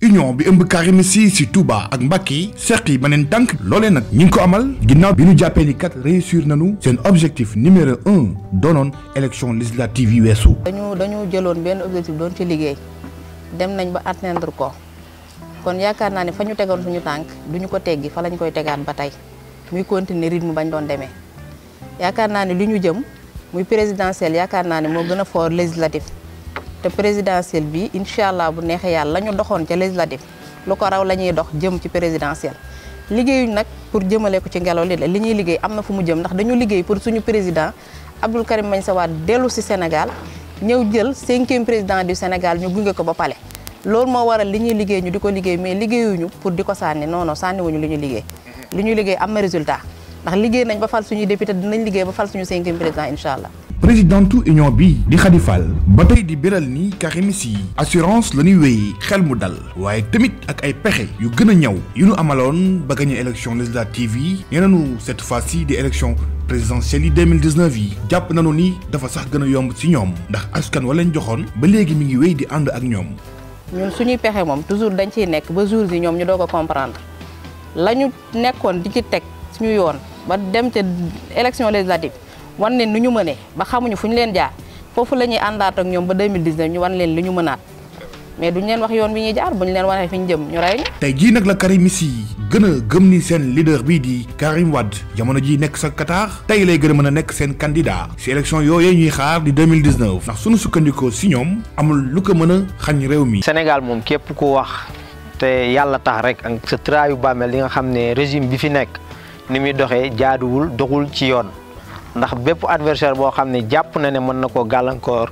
union bi ëmb Karim si si Touba ak Mbacke yi seq yi beneen tànk loolee nag ñi ngi ko amal ginnaaw bi ñu jàppee ni kat réussir nañu seen objectif numéro un doonoon élection législative yi weesu. dañu dañu jëloon benn objectif doon ci liggéey dem nañ ba atteindre ko kon yaakaar naa ne fa ñu tegoon suñu tànk duñu ko teggi fa lañ koy tegaat ba tey muy continuer rythme bañ doon demee yaakaar naa ne li ñu jëm muy présidentiel yaakaar naa ne moo gën a fort législatif. te présidentielle bi incha allah bu neexee yàlla la ñu doxoon ca législative lu ko raw la ñuy dox jëm ci présidentielle liggéeyuñ nag pour jëmale ko ci ngelaw li la li ñuy liggéey am na fu mu jëm ndax dañu liggéey pour suñu président Abdoul Karim Meïssa Wade dellu si Sénégal ñëw jël cinquième président du Sénégal ñu gunge ko ba pale loolu moo waral li ñuy liggéey ñu di ko liggéey mais liggéeyuñu pour di ko sànni non non sànniwuñu li ñu liggéey mhm. li ñu liggéey am na résultat ndax liggéey nañ ba fal suñuy député dinañ liggéey ba fal suñu cinquième président incha allah présidentu union bi di Khady Fall ba tey di biral ni Karimis yi assurance la ñuy wéy xel mu dal waaye tamit ak ay pexe yu gën a ñaw yu nu amaloon ba gañe élection législative yi ñeneenu cette fois-ci di élection présidentielle yi 2019 yi jàpp nañu ni dafa sax gën a yomb ci ñoom ndax askan wa leen joxoon ba léegi mi ngi wéy di ànd ak ñoom ñun suñuy pexe moom toujours dañ ciy nekk ba jours yi ñoom ñu doog a comprendre la ñu nekkoon di ci teg suñu yoon ba dem ca élection législative wan leen nu ñu mënee ba xamuñu fu ñu leen jaar foofu la ñuy àndaat ak ñoom ba 2019 ñu wan leen li ñu mënaat mais duñ leen wax yoon bi ñuy jaar bu ñu leen wanee fi ñu jëm ñu rey tey jii nag la Karimis yi gën a gëm ni seen leader bii di Karim Wade jamono jii nekk sa Qatar tey lay gën mën a nekk seen candidat si élection yooyu ñuy xaar di 2019 su suñu sukkandikoo si ñoom amul lu ko mën a xañ réew mi. Sénégal moom képp ku wax te yàlla tax rek ak sa traayu bàmmeel li nga xam ne régime bi fi nekk ni muy doxee jaaduwul doxul ci yoon. ndax bépp adversaire boo xam ne jàpp na ne mën na koo gàllankoor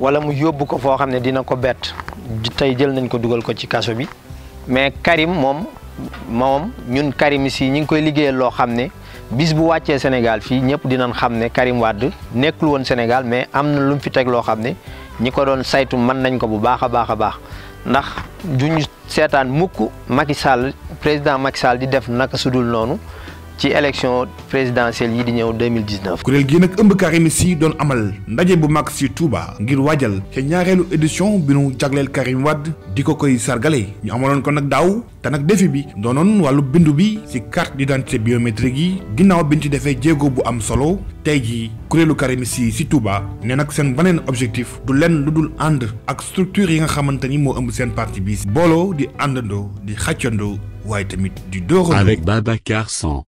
wala mu yóbbu ko foo xam ne dina ko bett tey jël nañ ko dugal ko ci kaso bi mais Karim moom moom ñun Karim si ñu ngi koy liggéeyal loo xam ne bis bu wàccee Sénégal fii ñëpp dinañ xam ne Karim Wade nekkul woon Sénégal mais am na lu mu fi teg loo xam ne ñi ko doon saytu mën nañ ko bu baax a baax a baax ndax duñu seetaan mukk Macky Sall président Macky Sall di def naka sudul noonu ci élection présidentielle yi di ñëw 2019. kuréel gi nag ëmb Karim Sy doon amal ndaje bu mag si Touba ngir waajal ca ñaareelu édition bi nu jagleel Karim Wade di ko koy sargale ñu amaloon ko nag daaw te nag défi bi doonoon wàllu bindu bi si carte d'identité biométrique yi ginnaaw bi ñu ci defee jéego bu am solo tey jii kuréelu Karim Sy si Touba ne nag seen beneen objectif du lenn lu dul ànd ak structure yi nga xamante ni moo ëmb seen parti bi booloo di àndandoo di xàccandoo waaye tamit di dooxandoo. avec Babacar San.